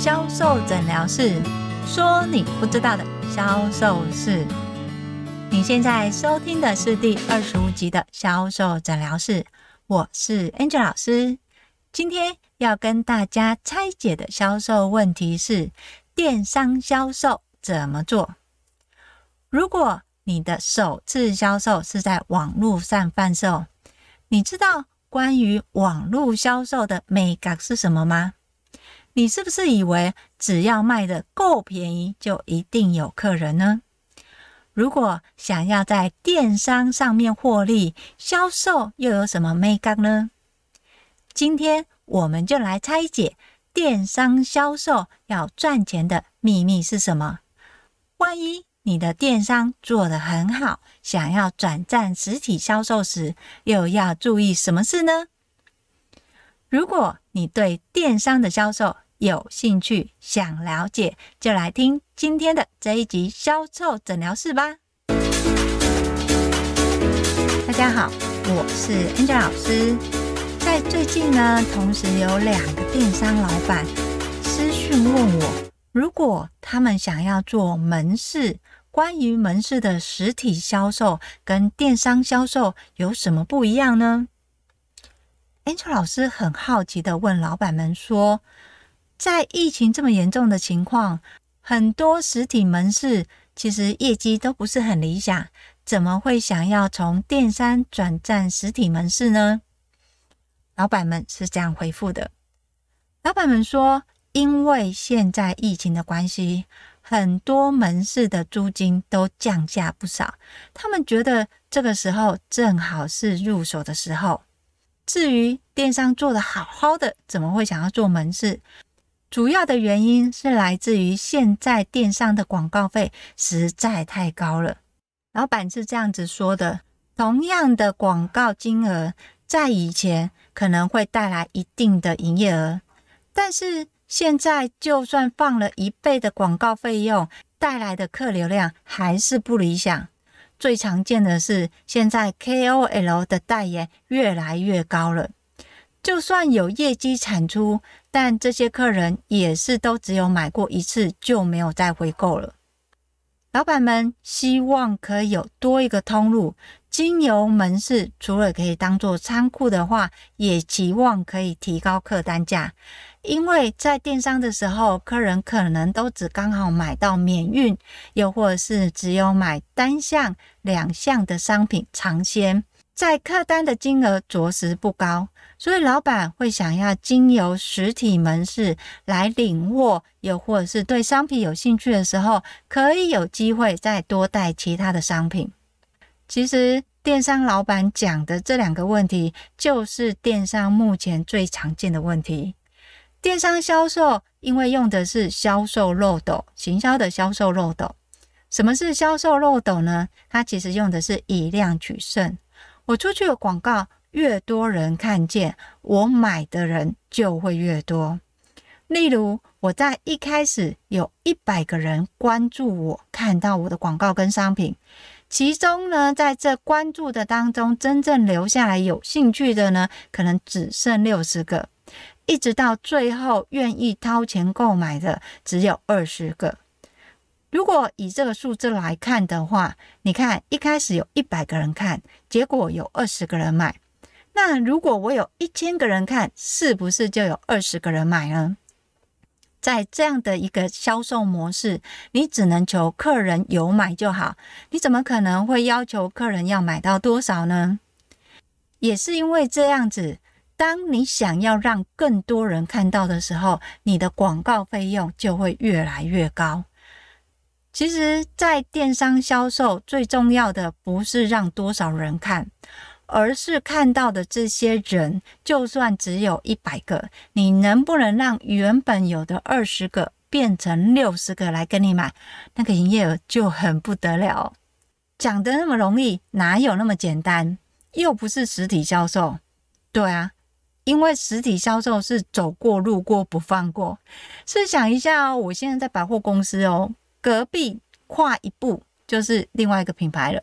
銷售診療室，說你不知道的銷售事。你現在收聽的是第二十五集的銷售診療室，我是 Angel 老師。今天要跟大家拆解的銷售問題是：電商銷售怎麼做？如果你的首次銷售是在網絡上販售，你知道關於網絡銷售的眉角是什麼嗎？你是不是以為只要賣得夠便宜就一定有客人呢？如果想要在電商上面獲利，銷售又有什麼眉角呢？今天我們就來拆解電商銷售要賺錢的秘密是什麼？萬一你的電商做得很好，想要轉戰實體銷售時，又要注意什麼事呢？如果你對電商的銷售有興趣，想了解，就來聽今天的這一集銷售診療室吧。大家好，我是 Angel 老師。在最近呢，同時有兩個電商老闆私訊問我，如果他們想要做門市，關於門市的實體銷售跟電商銷售有什麼不一樣呢？Angel 老師很好奇的問老闆們說：“在疫情這麼嚴重的情況，很多實體門市其實業績都不是很理想，怎麼會想要從電商轉戰實體門市呢？”老闆們是這樣回復的：老闆們說：“因為現在疫情的關係，很多門市的租金都降價不少，他們覺得這個時候正好是入手的時候。”至於電商做得好好的，怎麼會想要做門市？主要的原因是來自於現在電商的廣告費實在太高了。老板是這樣子說的，同樣的廣告金額，在以前可能會帶來一定的營業額，但是現在就算放了一倍的廣告費用，帶來的客流量還是不理想。最常見的是，現在 KOL 的代言越來越高了。就算有業績產出，但這些客人也是都只有買過一次，就沒有再回購了。老闆們希望可以有多一個通路，精油門市除了可以當做倉庫的話，也期望可以提高客單價。因為在電商的時候，客人可能都只剛好買到免運，又或者是只有買單項、兩項的商品嘗鮮，在客單的金額着實不高。所以老闆會想要經由實體門市來領貨，又或者是對商品有興趣的時候，可以有機會再多帶其他的商品。其實電商老闆講的這兩個問題，就是電商目前最常見的問題。電商銷售因為用的是銷售漏斗，行銷的銷售漏斗。什麼是銷售漏斗呢？它其實用的是以量取勝。我出去有廣告。越多人看見，我買的人就會越多。例如，我在一開始有一百個人關注我，看到我的廣告跟商品，其中呢，在這關注的當中，真正留下來有興趣的呢，可能只剩六十個，一直到最後願意掏錢購買的只有二十個。如果以這個數字來看的話，你看一開始有一百個人看，結果有二十個人買。那如果我有一千個人看，是不是就有二十個人買呢？在這樣的一個銷售模式，你只能求客人有買就好，你怎麼可能會要求客人要買到多少呢？也是因為這樣子，當你想要讓更多人看到的時候，你的廣告費用就會越來越高。其實在電商銷售，最重要的不是讓多少人看。而是看到的這些人，就算只有一百個，你能不能讓原本有的二十個變成六十個來跟你買？那個營業額就很不得了哦。講得那麼容易，哪有那麼簡單？又不是實體銷售，對啊，因為實體銷售是走過路過不放過。試想一下哦，我現在在百貨公司哦，隔壁跨一步就是另外一個品牌了。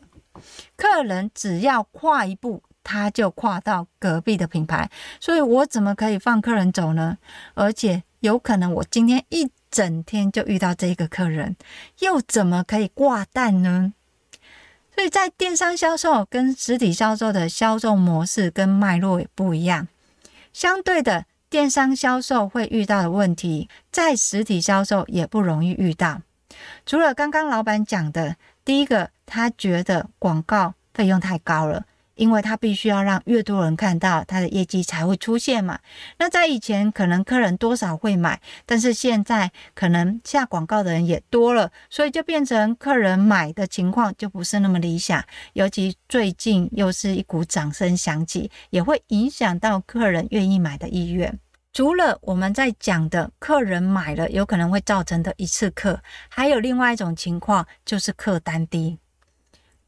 客人只要跨一步，他就跨到隔壁的品牌，所以我怎麼可以放客人走呢？而且有可能我今天一整天就遇到這個客人，又怎麼可以掛蛋呢？所以在電商銷售跟實體銷售的銷售模式跟脈絡也不一樣，相對的電商銷售會遇到的問題，在實體銷售也不容易遇到。除了剛剛老闆講的第一個。他覺得廣告費用太高了，因為他必須要讓越多人看到他的業績才會出現嘛。那在以前可能客人多少會買，但是現在可能下廣告的人也多了，所以就變成客人買的情況就不是那麼理想。尤其最近又是一股掌聲響起，也會影響到客人願意買的意願。除了我們在講的客人買了有可能會造成的一次客，還有另外一種情況就是客單低。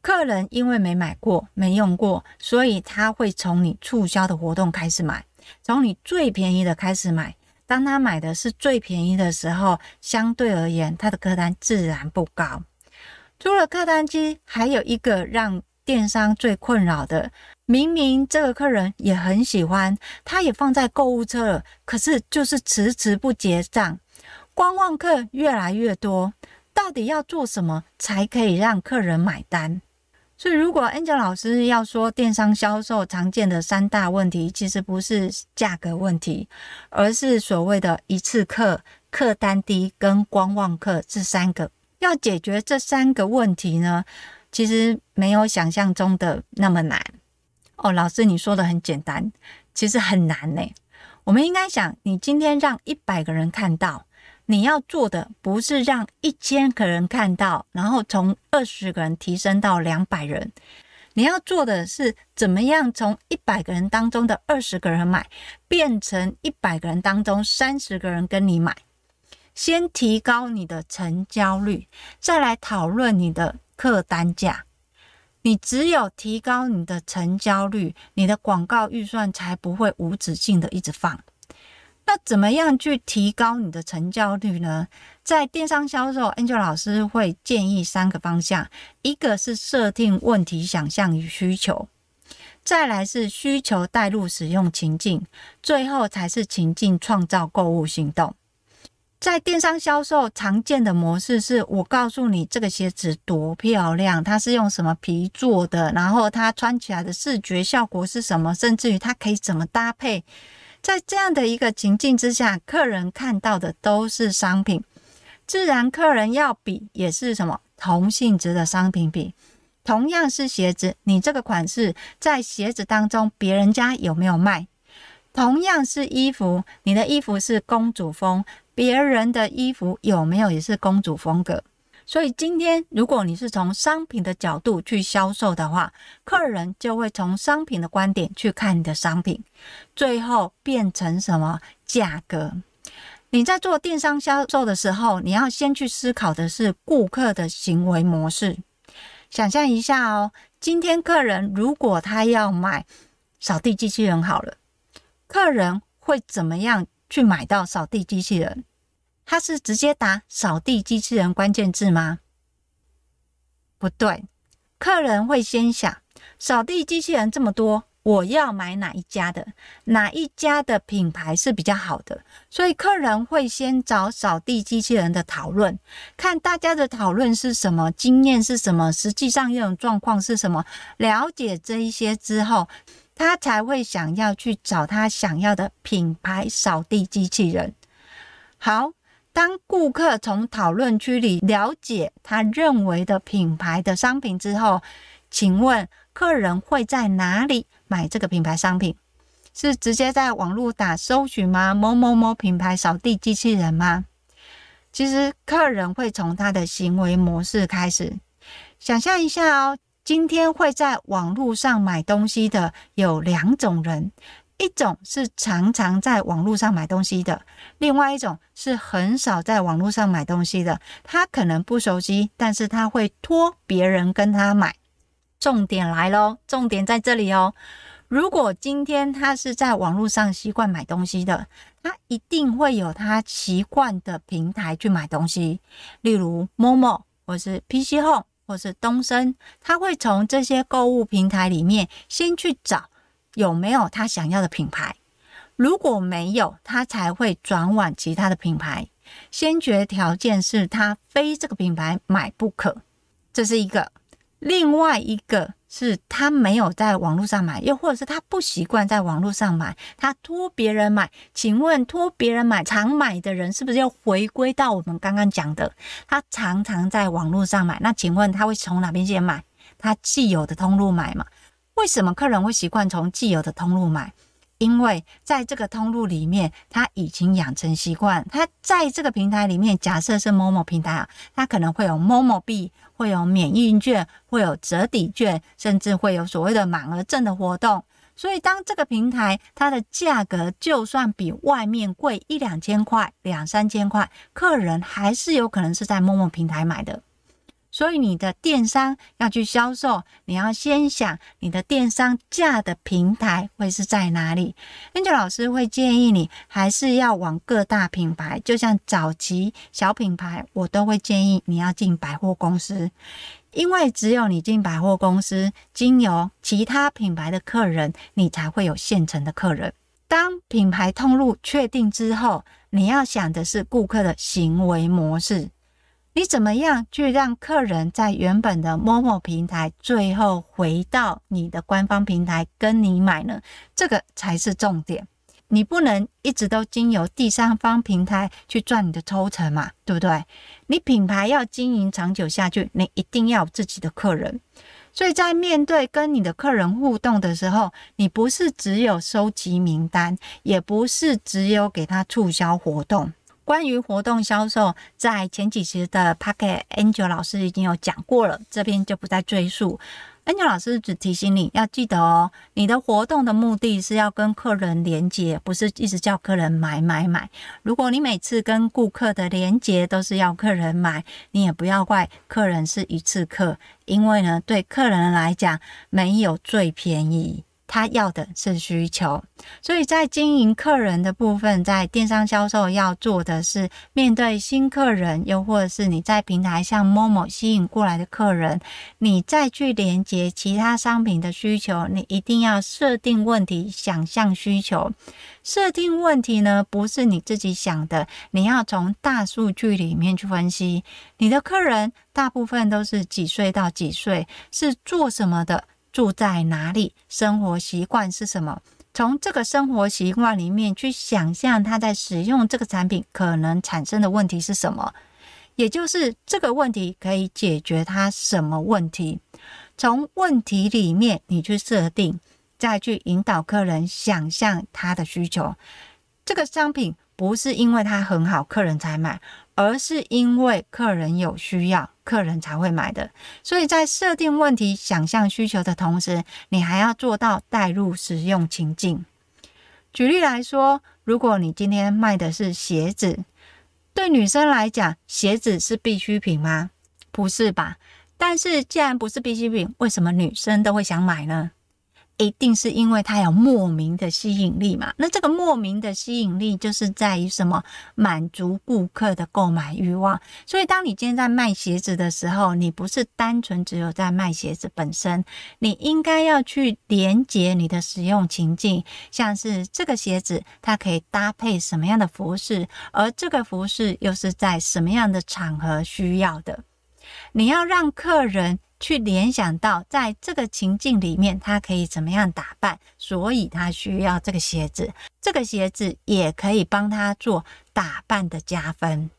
客人因為沒買過、沒用過，所以他會從你促銷的活動開始買，從你最便宜的開始買。當他買的是最便宜的時候，相對而言他的客單自然不高。除了客單低，還有一個讓電商最困擾的，明明這個客人也很喜歡，他也放在購物車了，可是就是遲遲不結賬，觀望客越來越多。到底要做什麼才可以讓客人買單？所以，如果 Angel 老師要說電商銷售常見的三大問題，其實不是價格問題，而是所謂的一次客、客單低跟觀望客這三個。要解決這三個問題呢，其實沒有想象中的那麼難。哦，老師，你說的很簡單，其實很難呢、欸。我們應該想，你今天讓一百個人看到。你要做的不是讓一千個人看到，然後從二十個人提升到兩百人。你要做的是怎麼樣從一百個人當中的二十個人買，變成一百個人當中三十個人跟你買。先提高你的成交率，再來討論你的客單價。你只有提高你的成交率，你的廣告預算才不會無止境的一直放。那怎麼樣去提高你的成交率呢？在電商銷售，Angel 老師會建議三個方向：一個是設定問題、想象與需求；再來是需求帶入使用情境；最後才是情境創造購物行動。在電商銷售常見的模式是：我告訴你這個鞋子多漂亮，它是用什麼皮做的，然後它穿起來的視覺效果是什麼，甚至於它可以怎麼搭配。在這樣的一個情境之下，客人看到的都是商品，自然客人要比也是什麼？同性質的商品比。同樣是鞋子，你這個款式在鞋子當中別人家有沒有賣？同樣是衣服，你的衣服是公主風，別人的衣服有沒有也是公主風格？所以今天，如果你是從商品的角度去銷售的話，客人就會從商品的觀點去看你的商品，最後變成什麼價格？你在做電商銷售的時候，你要先去思考的是顧客的行為模式。想象一下哦，今天客人如果他要買掃地機器人，好了，客人會怎麼樣去買到掃地機器人？他是直接打掃地機器人關鍵字嗎？不對，客人會先想掃地機器人這麼多，我要買哪一家的？哪一家的品牌是比較好的？所以客人會先找掃地機器人的討論，看大家的討論是什麼，經驗是什麼，實際上這種狀況是什麼？了解這一些之後，他才會想要去找他想要的品牌掃地機器人。好。當顧客從討論區裡了解他認為的品牌的商品之後，請問客人會在哪裡買這個品牌商品？是直接在網絡打搜尋嗎？某某某品牌掃地機器人嗎？其實客人會從他的行為模式開始。想象一下哦，今天會在網絡上買東西的有兩種人。一種是常常在網絡上買東西的，另外一種是很少在網絡上買東西的。他可能不熟悉，但是他會託別人跟他買。重點來嘍，重點在這裡哦。如果今天他是在網絡上習慣買東西的，他一定會有他習慣的平台去買東西，例如 Momo，或是 PCHome，或是東森。他會從這些購物平台裡面先去找，有沒有他想要的品牌？如果沒有，他才會轉往其他的品牌。先決條件是他非這個品牌買不可，這是一個。另外一個是他沒有在網絡上買，又或者是他不習慣在網絡上買，他托別人買。請問托別人買常買的人是不是要回歸到我們剛剛講的？他常常在網絡上買，那請問他會從哪邊先買？他既有的通路買嗎？為什麼客人會習慣從既有的通路買？因為在這個通路裡面，他已經養成習慣。他在這個平台裡面，假設是某某平台啊，它可能會有某某幣，會有免運券，會有折抵券，甚至會有所謂的滿額贈的活動。所以，當這個平台它的價格就算比外面貴一兩千塊、兩三千塊，客人還是有可能是在某某平台買的。所以你的電商要去銷售，你要先想你的電商架的平台會是在哪裡。Angel 老師會建議你，還是要往各大品牌，就像早期小品牌，我都會建議你要進百貨公司，因為只有你進百貨公司，經由其他品牌的客人，你才會有現成的客人。當品牌通路確定之後，你要想的是顧客的行為模式。你怎麼樣去讓客人在原本的某某平台，最後回到你的官方平台跟你買呢？這個才是重點。你不能一直都經由第三方平台去賺你的抽成嘛，對不對？你品牌要經營長久下去，你一定要有自己的客人。所以在面對跟你的客人互動的時候，你不是只有收集名單，也不是只有給他促銷活動。關於活動銷售，在前幾期的 Pocket Angel 老師已經有講過了，這邊就不再贅述。Angel 老師只提醒你要記得哦，你的活動的目的是要跟客人連接，不是一直叫客人買買買。如果你每次跟顧客的連接都是要客人買，你也不要怪客人是一次客，因為呢，對客人來講，沒有最便宜。他要的是需求，所以在經營客人的部分，在電商銷售要做的是，面對新客人，又或者是你在平台像 momo 吸引過來的客人，你再去連接其他商品的需求，你一定要設定問題，想象需求。設定問題呢，不是你自己想的，你要從大數據裡面去分析，你的客人大部分都是幾歲到幾歲，是做什麼的？住在哪裡？生活習慣是什麼？從這個生活習慣裡面去想象他在使用這個產品可能產生的問題是什麼？也就是這個問題可以解決他什麼問題。從問題裡面你去設定，再去引導客人想象他的需求。這個商品不是因為他很好，客人才買。而是因為客人有需要，客人才會買的。所以在設定問題、想象需求的同時，你還要做到帶入使用情境。舉例來說，如果你今天賣的是鞋子，對女生來講，鞋子是必需品嗎？不是吧？但是既然不是必需品，為什麼女生都會想買呢？一定是因為它有莫名的吸引力嘛。那這個莫名的吸引力就是在於什麼？滿足顧客的購買欲望。所以，當你今天在賣鞋子的時候，你不是單純只有在賣鞋子本身，你應該要去連接你的使用情境，像是這個鞋子它可以搭配什麼樣的服飾，而這個服飾又是在什麼樣的場合需要的。你要讓客人。去聯想到，在這個情境裡面，他可以怎麼樣打扮，所以他需要這個鞋子。這個鞋子也可以幫他做打扮的加分。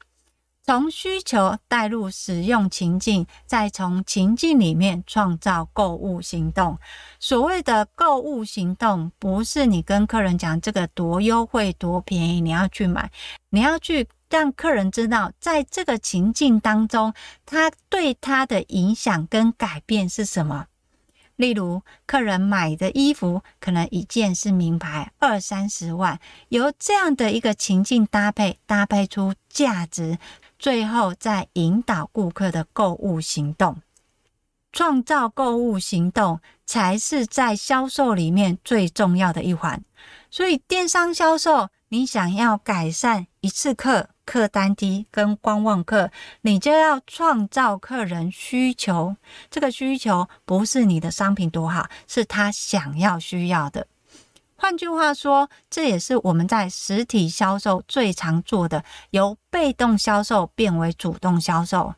從需求帶入使用情境，再從情境裡面創造購物行動。所謂的購物行動，不是你跟客人講這個多優惠、多便宜，你要去買，你要去。讓客人知道，在這個情境當中，他對他的影響跟改變是什麼。例如，客人買的衣服可能一件是名牌，二三十萬。由這樣的一個情境搭配，搭配出價值，最後再引導顧客的購物行動，創造購物行動，才是在銷售裡面最重要的一環。所以，電商銷售，你想要改善一次客、客單低跟觀望客，你就要創造客人需求。這個需求不是你的商品多好，是他想要需要的。換句話說，這也是我們在實體銷售最常做的，由被動銷售變為主動銷售。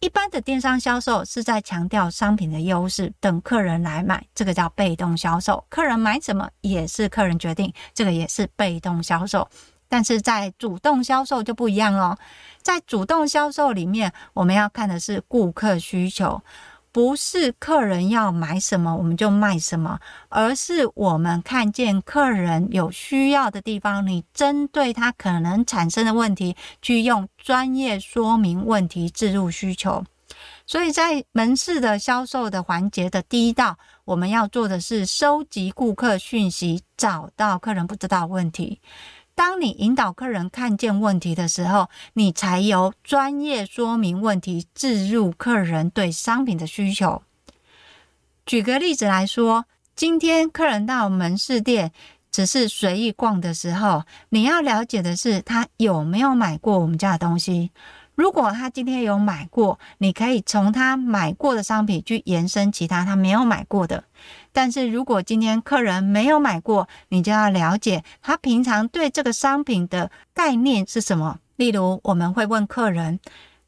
一般的電商銷售是在強調商品的優勢，等客人來買，這個叫被動銷售。客人買什麼也是客人決定，這個也是被動銷售。但是在主動銷售就不一樣哦。在主動銷售裡面，我們要看的是顧客需求，不是客人要買什麼我們就賣什麼，而是我們看見客人有需要的地方，你針對他可能產生的問題，去用專業說明問題，置入需求。所以在門市的銷售的環節的第一道，我們要做的是收集顧客訊息，找到客人不知道問題。當你引導客人看見問題的時候，你才由專業說明問題，置入客人對商品的需求。舉個例子來說，今天客人到門市店只是隨意逛的時候，你要了解的是他有沒有買過我們家的東西。如果他今天有買過，你可以從他買過的商品去延伸其他他沒有買過的。但是如果今天客人沒有買過，你就要了解他平常對這個商品的概念是什麼。例如，我們會問客人：“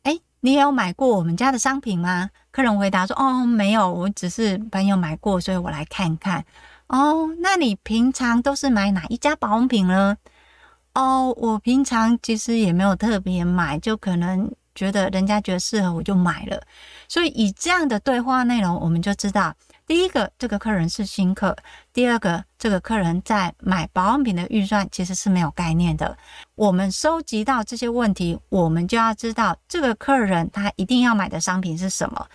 哎，你有買過我們家的商品嗎？”客人回答說：“哦，沒有，我只是朋友買過，所以我來看看。”哦，那你平常都是買哪一家保養品呢？哦，我平常其實也沒有特別買，就可能覺得人家覺得適合我就買了。所以以這樣的對話內容，我們就知道。第一個，這個客人是新客。第二個，這個客人在買保養品的預算其實是沒有概念的。我們收集到這些問題，我們就要知道這個客人他一定要買的商品是什麼。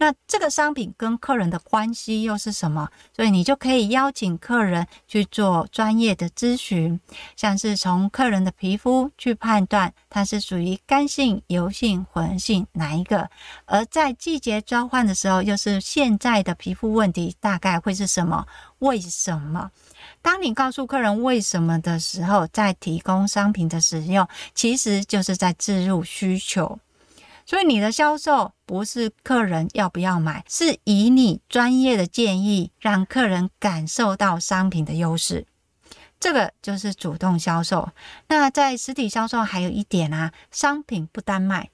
那這個商品跟客人的關係又是什麼？所以你就可以邀請客人去做專業的諮詢，像是從客人的皮膚去判斷它是屬於乾性、油性、混性哪一個；而在季節交換的時候，又是現在的皮膚問題大概會是什麼？為什麼？當你告訴客人為什麼的時候，再提供商品的使用，其實就是在置入需求。所以你的銷售不是客人要不要買，是以你專業的建議讓客人感受到商品的優勢，這個就是主動銷售。那在實體銷售還有一點啊，商品不單賣，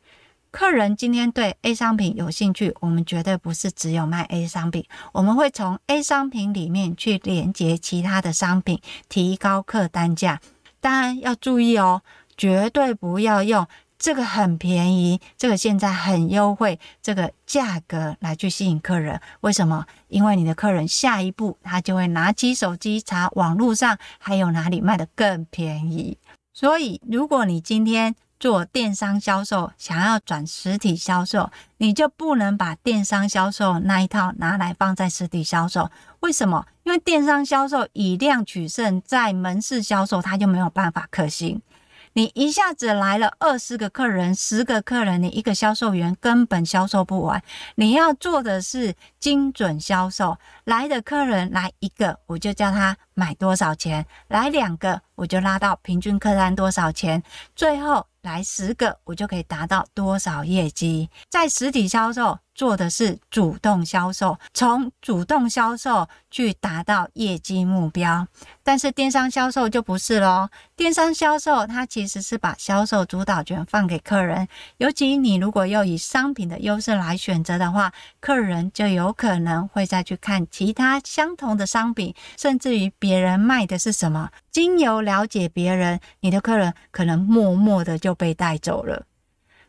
客人今天對 A 商品有興趣，我們絕對不是只有賣 A 商品，我們會從 A 商品裡面去連接其他的商品，提高客單價。當然要注意哦，絕對不要用。這個很便宜，這個現在很優惠，這個價格來去吸引客人，為什麼？因為你的客人下一步他就會拿起手機查網絡上還有哪裡賣的更便宜。所以，如果你今天做電商銷售，想要轉實體銷售，你就不能把電商銷售那一套拿來放在實體銷售。為什麼？因為電商銷售以量取勝，在門市銷售它就沒有辦法可行。你一下子來了二十個客人，十個客人，你一個銷售員根本銷售不完。你要做的是精準銷售，來的客人來一個，我就叫他買多少錢；來兩個，我就拉到平均客單多少錢；最後來十個，我就可以達到多少業績。在實體銷售，做的是主動銷售，從主動銷售去達到業績目標。但是電商銷售就不是嘍，電商銷售它其實是把銷售主導權放給客人。尤其你如果又以商品的優勢來選擇的話，客人就有可能會再去看其他相同的商品，甚至於別人賣的是什麼，經由了解別人，你的客人可能默默的就被帶走了，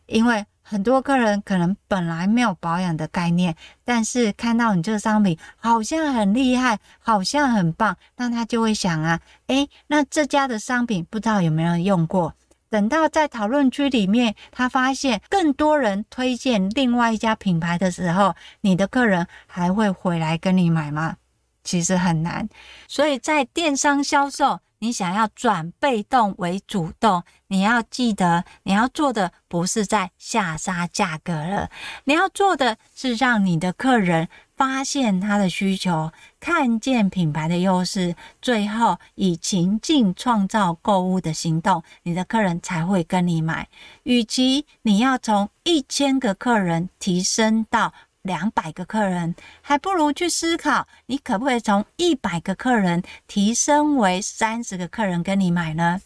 因為很多客人可能本來沒有保養的概念，但是看到你這個商品好像很厲害，好像很棒，那他就會想啊，誒、欸，那這家的商品不知道有沒有用過？等到在討論區裡面，他發現更多人推薦另外一家品牌的時候，你的客人還會回來跟你買嗎？其實很難，所以在電商銷售。你想要轉被動為主動，你要記得，你要做的不是在下殺價格了，你要做的，是讓你的客人發現他的需求，看見品牌的優勢，最後以情境創造購物的行動，你的客人才會跟你買。與其你要從一千個客人提升到。兩百個客人，還不如去思考，你可不可以從一百個客人提升為三十個客人跟你買呢？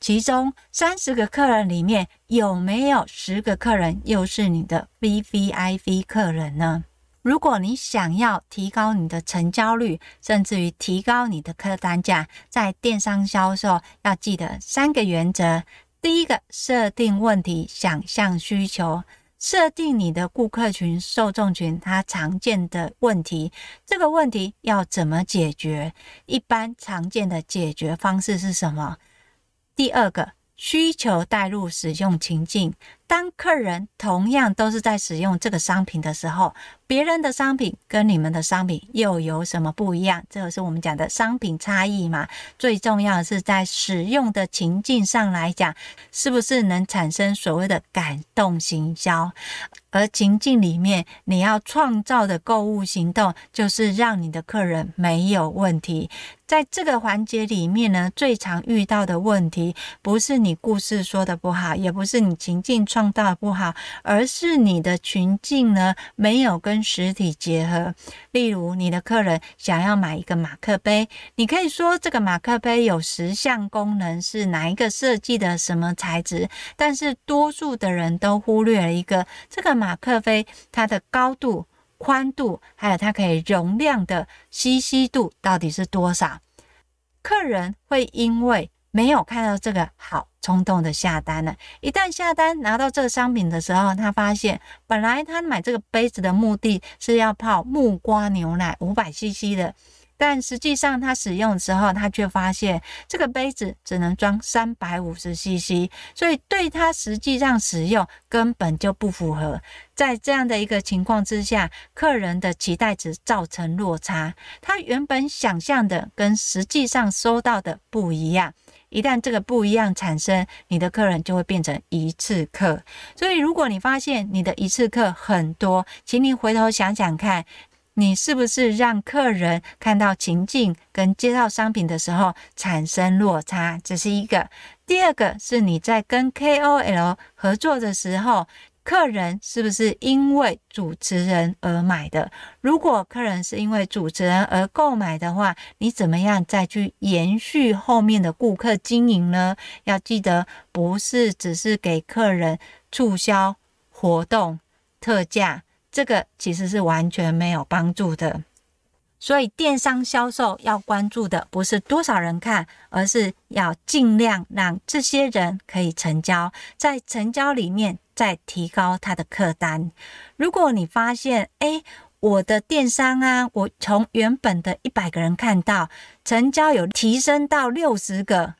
其中三十個客人裡面有沒有十個客人又是你的 VVIP 客人呢？如果你想要提高你的成交率，甚至於提高你的客單價，在電商銷售要記得三個原則：第一個，設定問題，想象需求。設定你的顧客群、受眾群，它常見的問題，這個問題要怎麼解決？一般常見的解決方式是什麼？第二個。需求帶入使用情境，當客人同樣都是在使用這個商品的時候，別人的商品跟你們的商品又有什麼不一樣？這個是我們講的商品差異嘛？最重要的是在使用的情境上來講，是不是能產生所謂的感動行銷？而情境裡面你要創造的購物行動，就是讓你的客人沒有問題。在這個環節裡面呢，最常遇到的問題，不是你故事說的不好，也不是你情境創造的不好，而是你的情境呢，沒有跟實體結合。例如，你的客人想要買一個馬克杯，你可以說這個馬克杯有十項功能，是哪一個設計的，什麼材質，但是多數的人都忽略了一個，這個馬克杯它的高度。寬度還有它可以容量的 CC 度到底是多少？客人會因為沒有看到這個，好衝動的下單了。一旦下單拿到這個商品的時候，他發現本來他買這個杯子的目的是要泡木瓜牛奶，五百 CC 的。但實際上，他使用的時候，他卻發現這個杯子只能裝三百五十 CC，所以對他實際上使用根本就不符合。在這樣的一個情況之下，客人的期待值造成落差，他原本想象的跟實際上收到的不一樣。一旦這個不一樣產生，你的客人就會變成一次客。所以，如果你發現你的一次客很多，請你回頭想想看。你是不是讓客人看到情境跟介紹商品的時候產生落差？這是一個。第二個是，你在跟 KOL 合作的時候，客人是不是因為主持人而買的？如果客人是因為主持人而購買的話，你怎麼樣再去延續後面的顧客經營呢？要記得，不是只是給客人促銷、活動、特價。這個其實是完全沒有幫助的，所以電商銷售要關注的不是多少人看，而是要盡量讓這些人可以成交，在成交裡面再提高他的客單。如果你發現，哎，我的電商啊，我從原本的一百個人看到成交有提升到六十個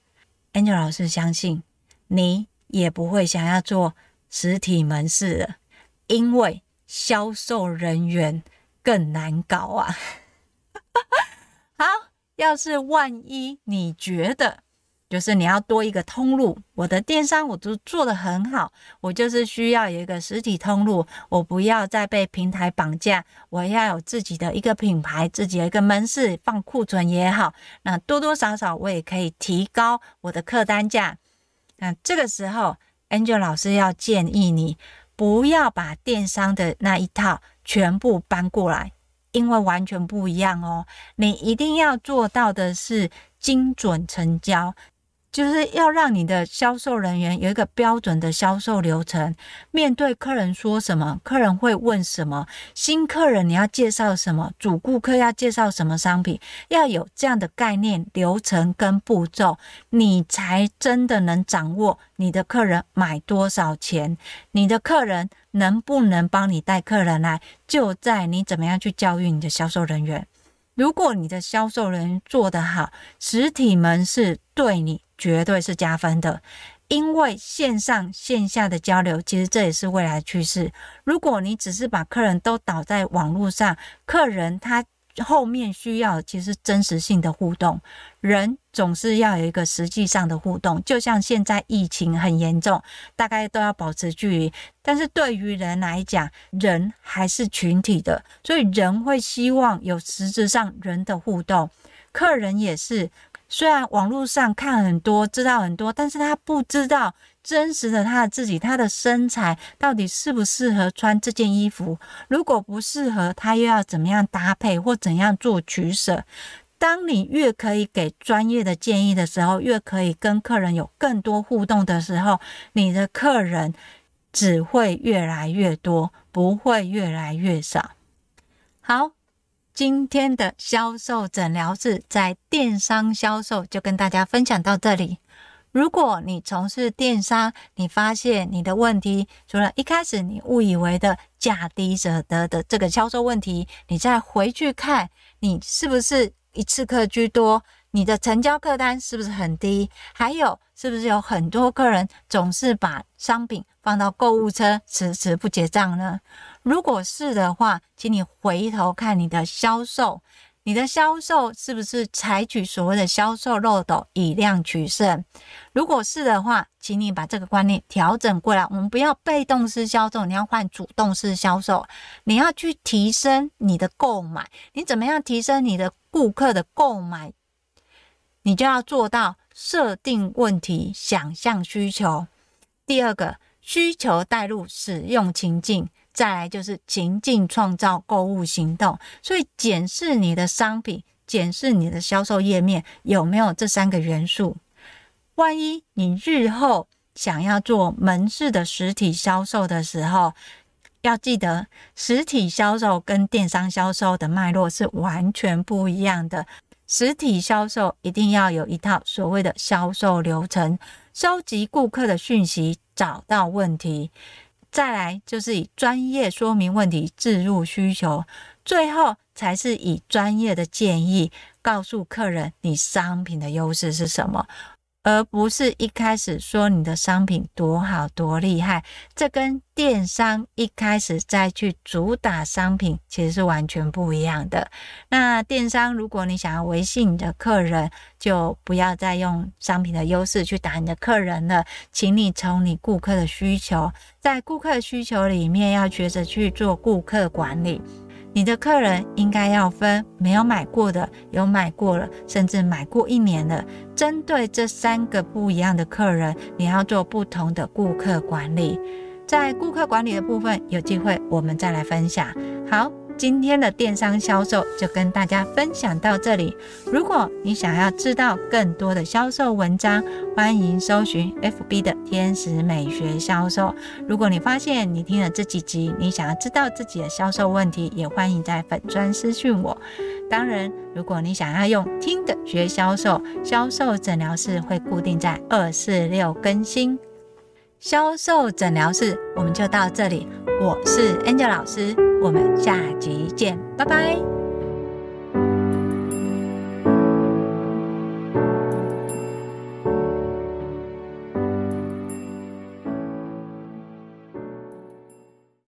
，Angel 老師相信你也不會想要做實體門市了，因為。銷售人員更難搞啊！ 好，要是萬一你覺得，就是你要多一個通路，我的電商我都做得很好，我就是需要有一個實體通路，我不要再被平台綁架，我要有自己的一個品牌，自己的一個門市放庫存也好，那多多少少我也可以提高我的客單價。那這個時候，Angel 老師要建議你，不要把電商的那一套全部搬過來，因為完全不一樣哦。你一定要做到的是精準成交。就是要讓你的銷售人員有一個標準的銷售流程，面對客人說什麼，客人會問什麼，新客人你要介紹什麼，主顧客要介紹什麼商品，要有這樣的概念、流程跟步驟，你才真的能掌握你的客人買多少錢，你的客人能不能幫你帶客人來，就在你怎麼樣去教育你的銷售人員。如果你的銷售人員做得好，實體門市對你，絕對是加分的，因為線上線下的交流，其實這也是未來趨勢。如果你只是把客人都導在網絡上，客人他後面需要其實真實性的互動，人總是要有一個實際上的互動。就像現在疫情很嚴重，大概都要保持距離，但是對於人來講，人還是群體的，所以人會希望有實質上人的互動，客人也是。雖然網絡上看很多，知道很多，但是他不知道真實的他的自己，他的身材到底適不適合穿這件衣服。如果不適合，他又要怎麼樣搭配或怎樣做取捨。當你越可以給專業的建議的時候，越可以跟客人有更多互動的時候，你的客人只會越來越多，不會越來越少。好。今天的銷售診療室在電商銷售就跟大家分享到這裡。如果你從事電商，你發現你的問題，除了一開始你誤以為的價低者得的這個銷售問題，你再回去看，你是不是一次客居多？你的成交客單是不是很低？還有，是不是有很多客人總是把商品放到購物車，遲遲不結賬呢？如果是的話，請你回頭看你的銷售，你的銷售是不是採取所謂的銷售漏斗，以量取勝？如果是的話，請你把這個觀念調整過來。我們不要被動式銷售，你要換主動式銷售，你要去提升你的購買。你怎麼樣提升你的顧客的購買？你就要做到設定問題、想象需求。第二個需求帶入使用情境，再來就是情境創造購物行動。所以檢視你的商品、檢視你的銷售頁面有沒有這三個元素。萬一你日後想要做門市的實體銷售的時候，要記得實體銷售跟電商銷售的脈絡是完全不一樣的。實體銷售一定要有一套所謂的銷售流程，收集顧客的訊息，找到問題，再來就是以專業說明問題，置入需求，最後才是以專業的建議告訴客人你商品的優勢是什麼。而不是一開始說你的商品多好多厲害，這跟電商一開始再去主打商品其實是完全不一樣的。那電商，如果你想要維繫你的客人，就不要再用商品的優勢去打你的客人了，請你從你顧客的需求，在顧客的需求裡面要學着去做顧客管理。你的客人應該要分沒有買過的、有買過了、甚至買過一年的。針對這三個不一樣的客人，你要做不同的顧客管理。在顧客管理的部分，有機會我們再來分享。好。今天的電商銷售就跟大家分享到這裡。如果你想要知道更多的銷售文章，歡迎搜尋 FB 的天使美學銷售。如果你發現你聽了這幾集，你想要知道自己的銷售問題，也歡迎在粉專私訊我。當然，如果你想要用聽的學銷售，銷售診療室會固定在二四六更新。銷售診療室，我們就到這裡。我是 Angel 老師，我們下集見，拜拜。